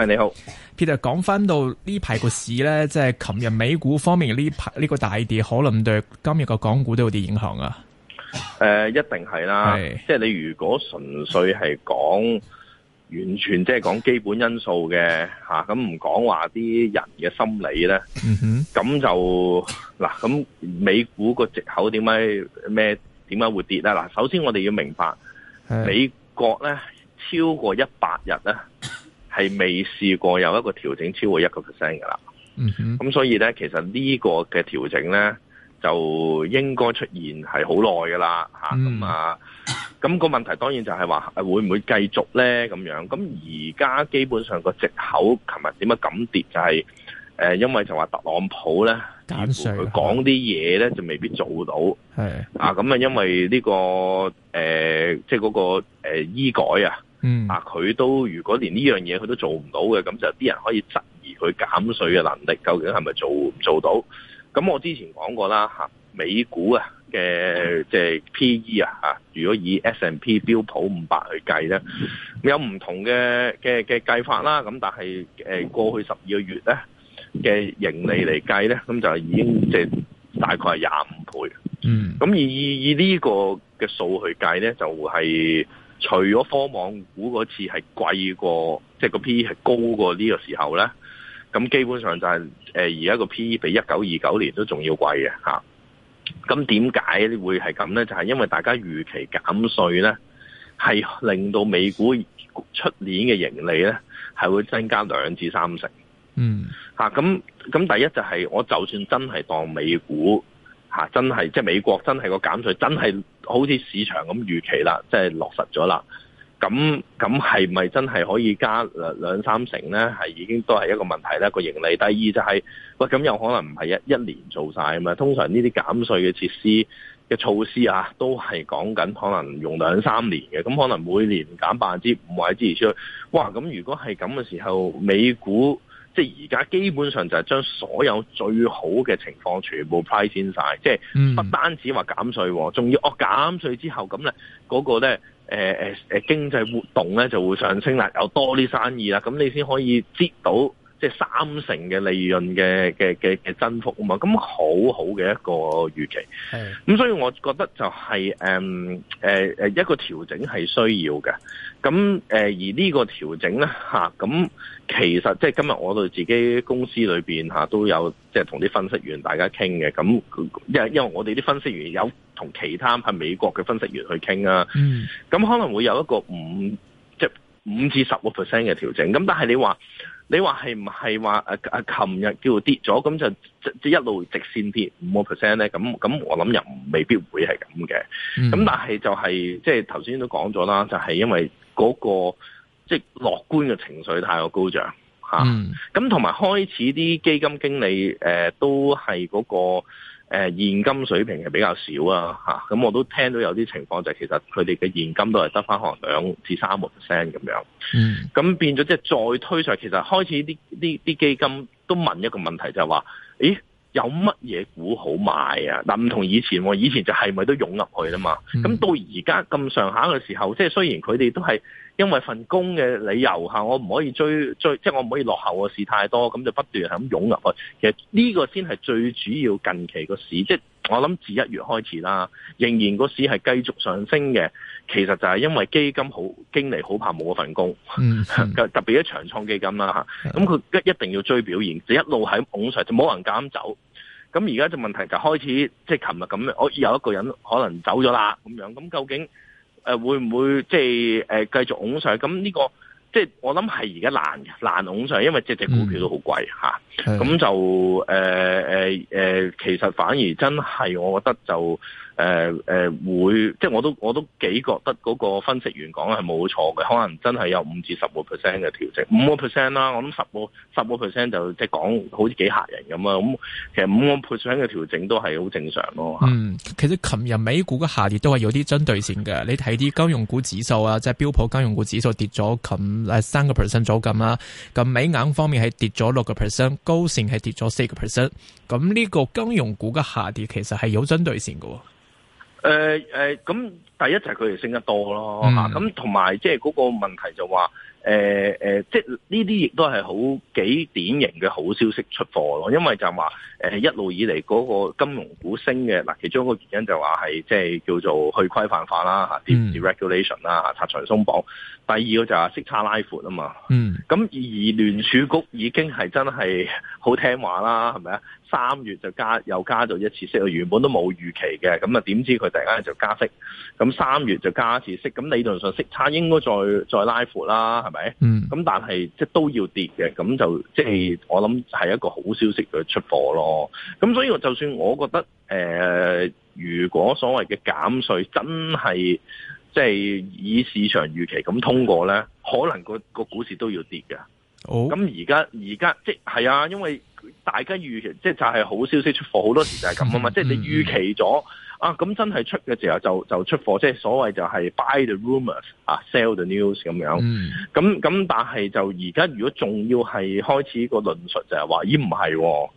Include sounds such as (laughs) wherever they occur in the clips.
係你好，Peter，其實講返到呢排個市咧，即係琴日美股方面呢排呢個大跌，可能對今日個港股都有啲影響啊。誒、呃，一定係啦，是即係你如果純粹係講完全即係講基本因素嘅吓，咁唔講話啲人嘅心理咧，咁、嗯、哼就嗱咁美股個借口點解咩點解會跌咧？嗱，首先我哋要明白是美國咧超過一百日咧。 (laughs) 係未試過有一個調整超過一個 percent 嘅啦，咁、嗯哼嗯、所以咧，其實這個調呢個嘅調整咧，就應該出現係好耐嘅啦嚇，咁啊，咁、嗯啊嗯那個，問題當然就係話會唔會繼續咧咁樣？咁而家基本上個藉口，琴日點解咁跌就係、是、誒、呃，因為就話特朗普咧，似乎佢講啲嘢咧就未必做到，的啊咁啊、嗯嗯嗯，因為呢、這個誒、呃，即係、那、嗰個誒醫、呃那個呃、改啊。嗯，啊，佢都如果連呢樣嘢佢都做唔到嘅，咁就啲人可以質疑佢減稅嘅能力究竟係咪做做到？咁我之前講過啦，嚇、啊、美股啊嘅即係 P/E 啊，嚇如果以 S&P 標普五百去計咧，有唔同嘅嘅嘅計法啦。咁但係誒、呃、過去十二個月咧嘅盈利嚟計咧，咁就已經即係、就是、大概係廿五倍。嗯，咁而以呢個嘅數去計咧，就會係。除咗科網股嗰次係貴過，即係個 P/E 係高過呢個時候咧，咁基本上就係誒而家個 P/E 比一九二九年都仲要貴嘅嚇。咁點解會係咁咧？就係、是、因為大家預期減稅咧，係令到美股出年嘅盈利咧係會增加兩至三成。嗯咁咁、啊、第一就係我就算真係當美股。啊、真係即係美國真係個減稅真係好似市場咁預期啦，即係落實咗啦。咁咁係咪真係可以加兩三成呢？係已經都係一個問題啦。個盈利第二就係、是，喂，咁有可能唔係一一年做晒啊嘛。通常呢啲減稅嘅設施嘅措施啊，都係講緊可能用兩三年嘅。咁可能每年減百分之五或者之餘，哇！咁如果係咁嘅時候，美股。即係而家基本上就係將所有最好嘅情況全部 price in 晒即係不單止話減稅，仲要哦減稅之後咁咧，嗰、嗰個咧誒誒經濟活動咧就會上升啦，有多啲生意啦，咁你先可以擠到。即係三成嘅利潤嘅嘅嘅嘅增幅啊嘛，咁好好嘅一個預期。咁的、嗯、所以我覺得就係誒誒誒一個調整係需要嘅。咁、嗯、誒、呃、而呢個調整咧吓，咁、啊嗯、其實即係今日我哋自己公司裏邊吓、啊、都有即係同啲分析員大家傾嘅。咁因為因為我哋啲分析員有同其他係美國嘅分析員去傾啦、啊。咁可能會有一個五即係五至十個 percent 嘅調整。咁、嗯、但係你話你話係唔係話誒琴日叫跌咗，咁就一路直，直線跌五個 percent 呢？咁我諗又未必會係咁嘅。咁、嗯、但係就係即係頭先都講咗啦，就係因為嗰個即係樂觀嘅情緒太過高漲嚇。咁同埋開始啲基金經理、呃、都係嗰個。誒現金水平係比較少啊，咁、啊、我都聽到有啲情況就係其實佢哋嘅現金都係得翻可能兩至三個 percent 咁樣，嗯，咁變咗即係再推上，其實開始啲啲啲基金都問一個問題就係、是、話，咦有乜嘢股好買啊？嗱唔同以前喎、啊，以前就係咪都湧入去啦、啊、嘛，咁、嗯、到而家咁上下嘅時候，即係雖然佢哋都係。因為份工嘅理由吓，我唔可以追追，即係我唔可以落後嘅事太多，咁就不斷係咁湧入去。其實呢個先係最主要近期個市，即係我諗自一月開始啦，仍然個市係繼續上升嘅。其實就係因為基金好，經理好怕冇份工，嗯、 (laughs) 特別一長倉基金啦吓，咁佢一一定要追表現，就一路喺度捧上，就冇人敢走。咁而家就問題就開始，即係琴日咁樣，我有一個人可能走咗啦咁樣，咁究竟？誒、呃，會唔會即係誒、呃、繼續拱上去？咁呢、這個即係我諗係而家難難拱上去，因為只只股票都好貴吓。咁、嗯啊、就誒誒誒，其實反而真係，我覺得就。誒誒、呃呃，會即係我都我都幾覺得嗰個分析員講係冇錯嘅，可能真係有五至十個 percent 嘅調整，五個 percent 啦，我諗十個十個 percent 就即係講好似幾吓人咁啊！咁其實五個 percent 嘅調整都係好正常咯。嗯，其實琴日、嗯、美股嘅下跌都係有啲針對性嘅。你睇啲金融股指數啊，即係標普金融股指數跌咗近三個 percent 咗咁啦，咁美銀方面係跌咗六個 percent，高盛係跌咗四個 percent。咁呢個金融股嘅下跌其實係有針對性嘅。誒誒，咁、呃呃、第一就係佢哋升得多咯吓，咁同埋即係嗰個問題就話。誒誒，即係呢啲亦都係好幾典型嘅好消息出貨咯，因為就話誒、呃、一路以嚟嗰個金融股升嘅。嗱其中一個原因就話係即係叫做去規範化啦，吓，deregulation 啦，吓，拆牆鬆綁。第二個就係息差拉闊啊嘛，咁、嗯、而聯儲局已經係真係好聽話啦，係咪啊？三月就加又加咗一次息，原本都冇預期嘅，咁啊點知佢突然間就加息？咁三月就加一次息，咁理論上息差應該再再拉闊啦。嗯，咁但係即係都要跌嘅，咁就即係、就是、我諗係一個好消息嘅出貨咯。咁所以我就算我覺得，誒、呃，如果所謂嘅減稅真係即係以市場預期咁通過咧，可能個個股市都要跌嘅。哦。咁而家而家即係係啊，因為。大家預期即就係、是、好消息出貨，好多時就係咁啊嘛！即、就、係、是、你預期咗、嗯嗯、啊，咁真係出嘅時候就就出貨，即、就、係、是、所謂就係 buy the rumors 啊，sell the news 咁樣。咁咁、嗯，但係就而家如果仲要係開始個論述就、哦，就係話咦唔係，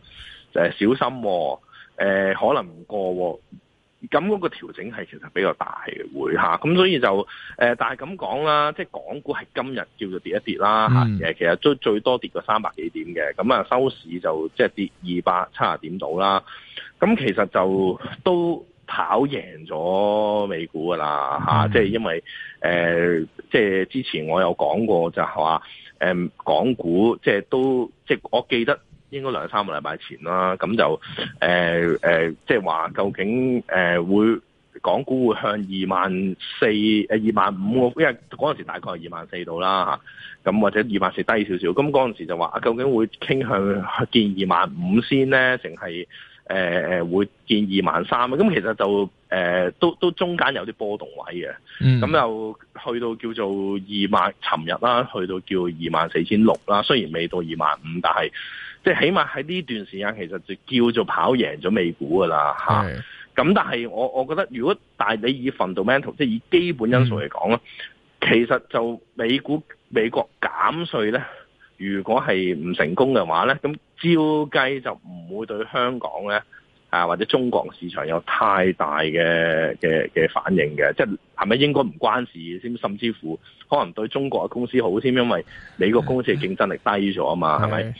就係小心、哦，喎、呃，可能唔過喎、哦。咁嗰個調整係其實比較大嘅會嚇，咁所以就、呃、但係咁講啦，即係港股係今日叫做跌一跌啦，嚇，其實最最多跌個三百幾點嘅，咁啊收市就即係跌二百七啊點度啦，咁其實就都跑贏咗美股㗎啦，嚇，即係因為即係、呃、之前我有講過就係話、呃、港股即係都即係、即係、我記得。應該兩三個禮拜前啦，咁就誒誒，即係話究竟誒會港股會向二萬四誒二萬五？因為嗰陣時大概係二萬四度啦吓，咁或者二萬四低少少。咁嗰陣時就話究竟會傾向見二萬五先咧，定係誒誒會見二萬三？咁其實就誒、呃、都都中間有啲波動位嘅。咁又去到叫做二萬，尋日啦，去到叫二萬四千六啦。雖然未到二萬五，但係。即係起碼喺呢段時間，其實就叫做跑贏咗美股噶啦嚇。咁是的、啊、但係我我覺得，如果但係你以 fundamental，即係以基本因素嚟講咧，嗯、其實就美股美國減稅咧，如果係唔成功嘅話咧，咁照計就唔會對香港咧啊或者中國市場有太大嘅嘅嘅反應嘅。即係係咪應該唔關事先，甚至乎可能對中國嘅公司好先，因為美國公司嘅競爭力低咗啊嘛，係咪？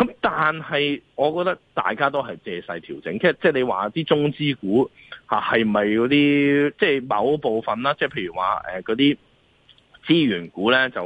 咁但係，我覺得大家都係借勢調整，即係即係你話啲中資股係咪嗰啲，即係某部分啦，即係譬如話嗰啲資源股咧，就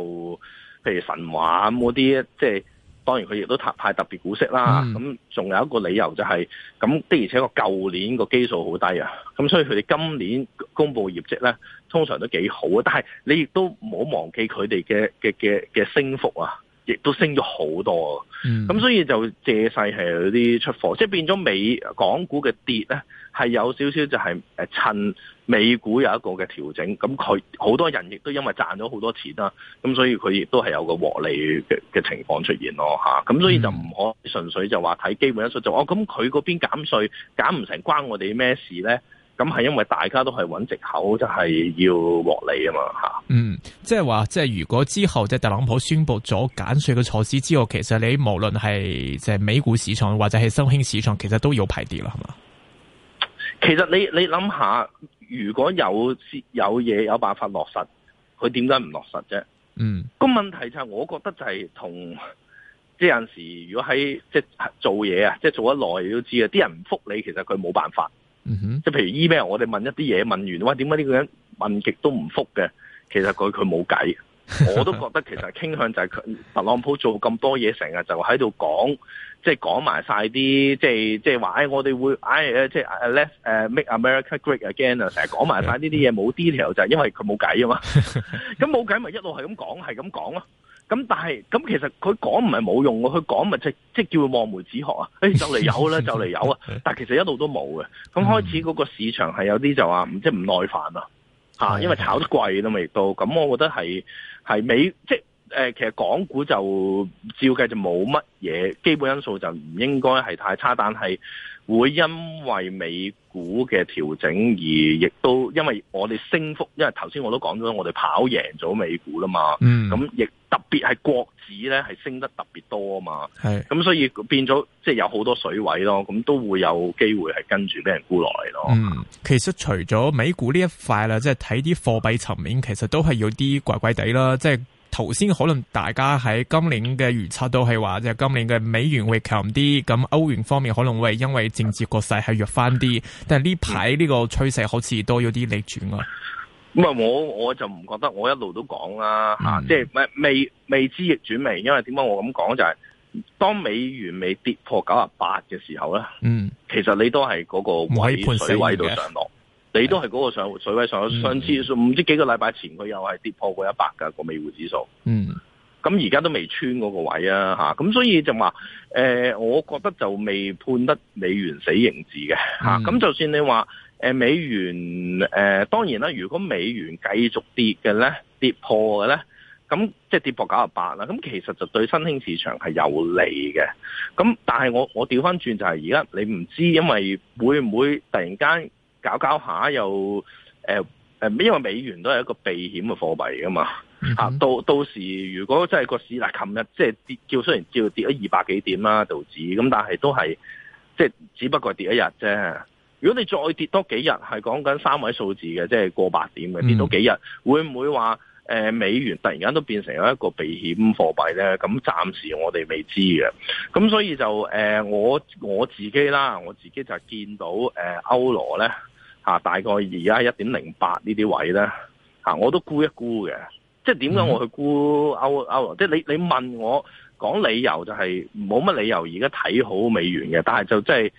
譬如神話咁嗰啲，即係當然佢亦都派特別股息啦。咁仲、嗯、有一個理由就係咁的，而且個舊年個基數好低啊，咁所以佢哋今年公布業績咧，通常都幾好啊。但係你亦都唔好忘記佢哋嘅嘅嘅嘅升幅啊！亦都升咗好多，咁、嗯、所以就借勢係有啲出貨即係變咗美港股嘅跌咧，係有少少就係誒趁美股有一個嘅調整，咁佢好多人亦都因為賺咗好多錢啦，咁所以佢亦都係有個獲利嘅嘅情況出現咯吓，咁所以就唔可純粹就話睇基本因素，就哦咁佢嗰邊減稅減唔成，關我哋咩事咧？咁係因為大家都係揾藉口，就係要獲利啊嘛吓。嗯，即係話，即係如果之後即係特朗普宣布咗減稅嘅措施之後，其實你無論係即係美股市場或者係新興市場，其實都要排跌啦，係嘛？其實你你諗下，如果有有嘢有辦法落實，佢點解唔落實啫？嗯。個問題就係，我覺得就係同即係有時如果喺即係做嘢啊，即係做得耐，你都知嘅，啲人唔覆你，其實佢冇辦法。即係、嗯、譬如 email，我哋問一啲嘢，問完哇，點解呢個人問極都唔復嘅？其實佢佢冇計，我都覺得其實傾向就係佢特朗普做咁多嘢，成日就喺度講，即係講埋晒啲，即係即係話唉，我哋會唉，即、哎、係、呃就係 uh, let's、uh, make America great again 啊，成日講埋晒呢啲嘢，冇 detail 就係因為佢冇計啊嘛，咁冇計咪一路係咁講，係咁講咯。咁、嗯、但係，咁其實佢講唔係冇用嘅，佢講咪即即叫望梅止渴啊！誒、哎，就嚟有啦，就嚟 (laughs) 有啊， (laughs) 但係其實一路都冇嘅。咁開始嗰個市場係有啲就話即唔耐煩啦，吓， (laughs) 因為炒得貴都未到。咁我覺得係係美即誒、呃，其實港股就照計就冇乜嘢基本因素就唔應該係太差，但係。會因為美股嘅調整而亦都，因為我哋升幅，因為頭先我都講咗，我哋跑贏咗美股啦嘛。嗯。咁亦特別係國指咧，係升得特別多啊嘛。係。咁所以變咗，即係有好多水位咯。咁都會有機會係跟住俾人沽落嚟咯。嗯，其實除咗美股呢一塊啦，即係睇啲貨幣層面，其實都係有啲怪怪地啦，即係。頭先可能大家喺今年嘅預測都係話，就今年嘅美元會強啲，咁歐元方面可能會因為政治局勢係弱翻啲，但係呢排呢個趨勢好似多咗啲逆轉啊！咁啊、嗯，我我就唔覺得，我一路都講啦吓，嗯、即係未未未知逆轉未？因為點解我咁講就係、是，當美元未跌破九啊八嘅時候咧，嗯，其實你都係嗰個位水位度上落。你都係嗰個上水位上咗，上次唔知幾個禮拜前佢又係跌破過一百㗎個美匯指數。嗯，咁而家都未穿嗰個位啊，嚇！咁所以就話，誒、呃，我覺得就未判得美元死刑字嘅嚇。咁就算你話、呃，美元，誒、呃、當然啦，如果美元繼續跌嘅咧，跌破嘅咧，咁即係跌破九十八啦。咁其實就對新興市場係有利嘅。咁但係我我調翻轉就係而家你唔知，因為會唔會突然間？搞搞下又，誒、呃、誒，因為美元都係一個避險嘅貨幣噶嘛，吓、mm hmm. 到到時如果真係個市，嗱，琴日即係跌，叫雖然叫跌咗二百幾點啦，道指，咁但係都係即係只不過跌一日啫。如果你再跌多幾日，係講緊三位數字嘅，即、就、係、是、過百點嘅，跌多幾日，mm hmm. 會唔會話誒、呃、美元突然間都變成一個避險貨幣咧？咁暫時我哋未知嘅，咁所以就誒、呃、我我自己啦，我自己就係見到誒、呃、歐羅咧。啊、大概而家一點零八呢啲位咧，我都估一估嘅，即係點解我去估歐歐？即係你你問我講理由就係冇乜理由而家睇好美元嘅，但係就真係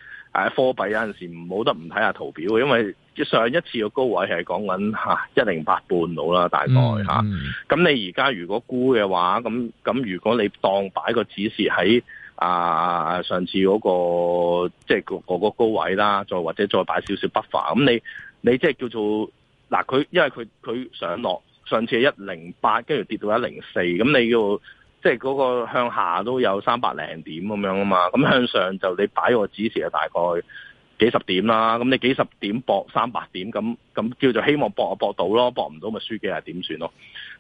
誒貨幣有陣時冇得唔睇下圖表嘅，因為上一次嘅高位係講緊嚇一零八半到啦，大概咁、mm hmm. 啊、你而家如果估嘅話，咁咁如果你當擺個指示喺。啊！上次嗰、嗰個即係個個高位啦，再或者再擺少少 buffer。咁你你即係叫做嗱，佢因為佢佢上落上次係一零八，跟住跌到一零四，咁你要即係嗰個向下都有三百零點咁樣啊嘛。咁向上就你擺個指示啊，大概幾十點啦。咁你幾十點搏三百點，咁咁叫做希望搏啊搏到咯，搏唔到咪輸幾十點算咯？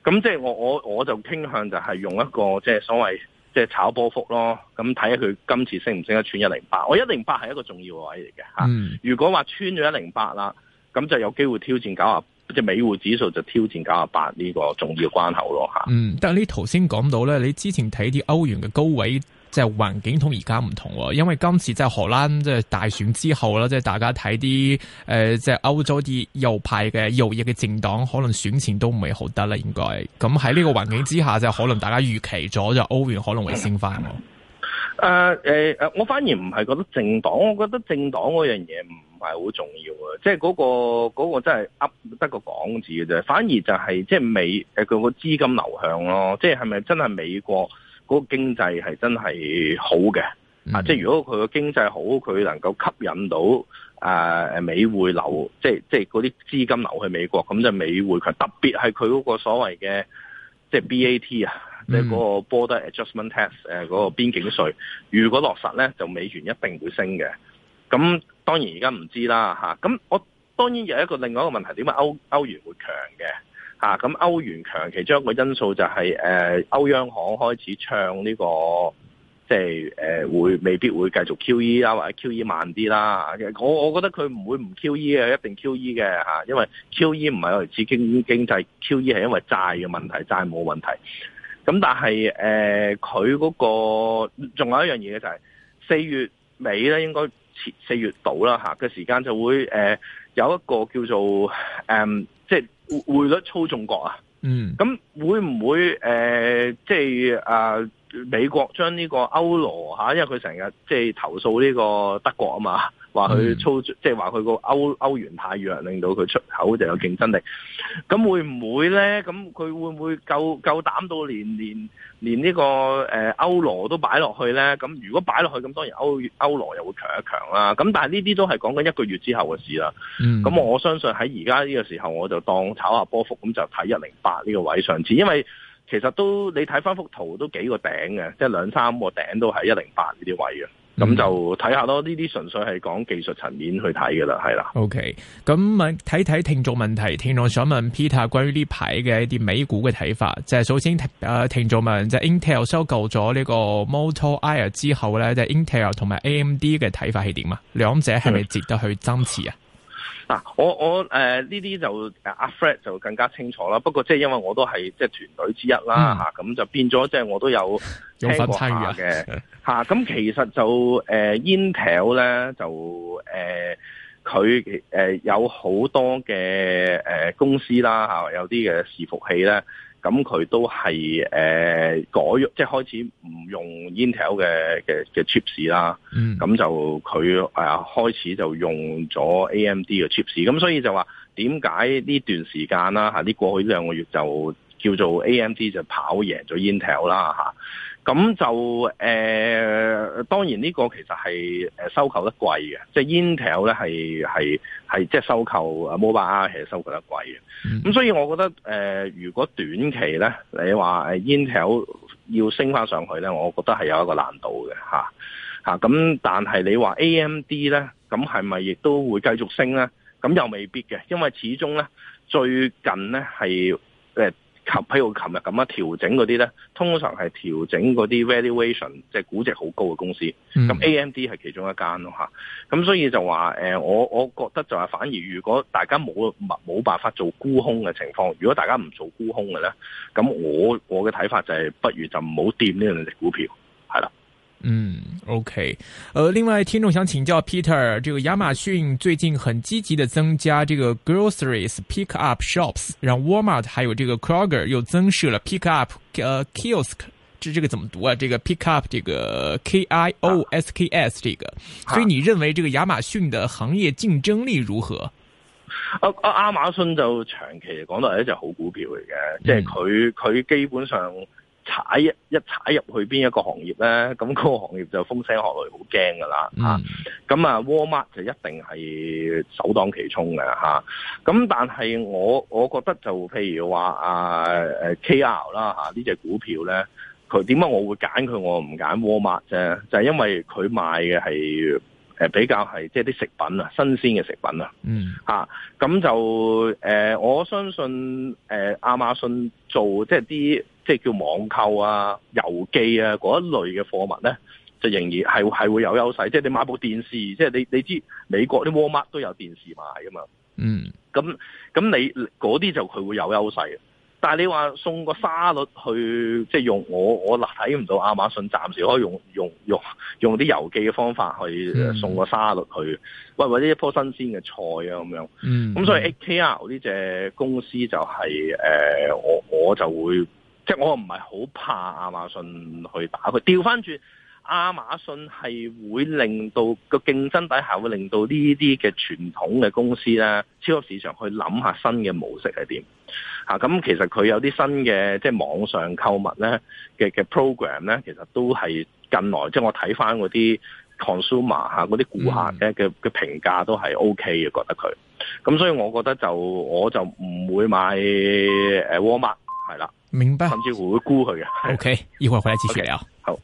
咁即係我我我就傾向就係用一個即係所謂。即係炒波幅咯，咁睇下佢今次升唔升得穿一零八？我一零八係一個重要位嚟嘅嚇。嗯、如果話穿咗一零八啦，咁就有機會挑戰九啊，即係美匯指數就挑戰九啊八呢個重要關口咯嚇。嗯，但係呢頭先講到咧，你之前睇啲歐元嘅高位。即係環境同而家唔同，因為今次即係荷蘭即係大選之後啦，即係大家睇啲誒，即係歐洲啲右派嘅右翼嘅政黨，可能選前都唔係好得啦，應該咁喺呢個環境之下，就可能大家預期咗就歐元可能會升翻。誒誒誒，我反而唔係覺得政黨，我覺得政黨嗰樣嘢唔係好重要啊。即係嗰個嗰、嗰個真係噏得個講字嘅啫。反而就係、是、即係美誒，佢個資金流向咯，即係係咪真係美國？嗰個經濟係真係好嘅，啊，即係如果佢個經濟好，佢能夠吸引到誒、啊、美匯流，即係即係嗰啲資金流去美國，咁就美匯強，特別係佢嗰個所謂嘅即係 BAT 啊，即係嗰、嗯、個 border adjustment tax 嗰個邊境稅，如果落實咧，就美元一定會升嘅。咁當然而家唔知啦，吓、咁、啊、我當然有一個另外一個問題，點解歐歐元會強嘅？啊，咁歐元強其中一個因素就係、是、誒、呃、歐央行開始唱呢、這個，即係誒未必會繼續 QE 啊，或者 QE 慢啲啦我。我覺得佢唔會唔 QE 嘅，一定 QE 嘅、啊、因為 QE 唔係來自經濟，QE 係因為債嘅問題、債務問題。咁但係誒，佢、呃、嗰、那個仲有一樣嘢嘅就係、是、四月尾應該四月到啦嘅時間就會誒、呃、有一個叫做誒、嗯、即係。匯率操縱國啊，嗯，咁會唔會誒，即係啊、呃、美國將呢個歐羅吓，因為佢成日即係投訴呢個德國啊嘛。話佢操，即係話佢個歐歐元太弱，令到佢出口就有競爭力。咁會唔會呢？咁佢會唔會夠夠膽到連連連呢、呢個誒歐羅都擺落去呢？咁如果擺落去，咁當然歐歐羅又會強一強啦、啊。咁但係呢啲都係講緊一個月之後嘅事啦。咁、嗯、我相信喺而家呢個時候，我就當炒下波幅，咁就睇一零八呢個位上次，因為其實都你睇翻幅圖都幾個頂嘅，即係兩三個頂都係一零八呢啲位嘅。咁就睇下咯，呢啲純粹係講技術層面去睇噶啦，係啦。OK，咁睇睇聽眾問題，聽眾想問 Peter 關於呢排嘅一啲美股嘅睇法，就係、是、首先，誒，聽眾問就，就 Intel 收購咗呢個 Motor Air 之後咧，就 Intel 同埋 AMD 嘅睇法係點啊？兩者係咪值得去爭持啊？ (laughs) 嗱、啊，我我呢啲、呃、就阿、啊、Fred 就更加清楚啦。不過即係因為我都係即係團隊之一啦咁、嗯啊、就變咗即係我都有有聽過下嘅咁、 (laughs) 啊、其實就誒、呃、Intel 咧就誒佢、呃呃、有好多嘅、呃、公司啦、啊、有啲嘅伺服器咧。咁佢都係誒、呃、改即係開始唔用 Intel 嘅嘅嘅 chips 啦、嗯，咁就佢誒、呃、開始就用咗 AMD 嘅 chips，咁所以就話點解呢段時間啦，呢過去呢兩個月就叫做 AMD 就跑贏咗 Intel 啦、啊咁就誒、呃，當然呢個其實係收購得貴嘅，即係 Intel 咧，係係即係收購 Mobileye 其實收購得貴嘅。咁、嗯、所以我覺得誒、呃，如果短期咧，你話 Intel 要升翻上去咧，我覺得係有一個難度嘅咁、啊啊、但係你話 AMD 咧，咁係咪亦都會繼續升咧？咁又未必嘅，因為始終咧最近咧係及譬如我琴日咁樣調整嗰啲咧，通常係調整嗰啲 valuation，即係估值好高嘅公司。咁 AMD 係其中一間咯吓，咁所以就話、呃、我我覺得就係反而如果大家冇冇辦法做沽空嘅情況，如果大家唔做沽空嘅咧，咁我我嘅睇法就係不如就唔好掂呢兩隻股票，係啦。嗯，OK，呃，另外聽眾想請教 Peter，這個亞馬遜最近很積極的增加這個 groceries pick up shops，然後 Walmart 還有這個 Kroger 又增設了 pick up，呃、kiosk 這這個怎麼讀啊？這個 pick up，這個 K I O S K S，這個，啊、所以你認為這個亞馬遜的行業競爭力如何？阿阿、啊啊、亞馬遜就長期嚟講到係一隻好股票嚟嘅，嗯、即係佢佢基本上。踩一踩入去邊一個行業咧，咁嗰個行業就風聲鶴唳好驚噶啦嚇。咁、嗯、啊，Walmart 就一定係首當其衝嘅嚇。咁、啊、但係我我覺得就譬如話啊 K R 啦嚇呢隻股票咧，佢點解我會揀佢我唔揀 Walmart 啫？就係、是、因為佢賣嘅係。誒，比較係即係啲食品，鮮食品、嗯、啊，新鮮嘅食品啊，嗯，吓咁就誒，我相信誒，亞馬遜做即係啲即係叫網購啊、郵寄啊嗰一類嘅貨物咧，就仍然係係會有優勢。即係你買部電視，即係你你知美國啲 w a 沃爾瑪都有電視賣噶嘛，嗯，咁咁你嗰啲就佢會有優勢。但係你話送個沙律去，即係用我我睇唔到亞馬遜暫時可以用用用用啲郵寄嘅方法去送個沙律去，喂或者一樖新鮮嘅菜啊咁樣，嗯，咁所以 AKR 呢隻公司就係、係呃、我我就會，即係我唔係好怕亞馬遜去打佢，調翻轉。亞馬遜係會令到個競爭底下會令到呢啲嘅傳統嘅公司咧，超級市場去諗下新嘅模式係點。咁其實佢有啲新嘅即係網上購物咧嘅嘅 program 咧，其實都係近來即係我睇翻嗰啲 consumer 嚇嗰啲顧客嘅嘅評價都係 O K 嘅，嗯、覺得佢。咁所以我覺得就我就唔會買 Walmart 係啦，明白甚至乎會沽佢嘅。O K，一會佢一次。續、okay，好。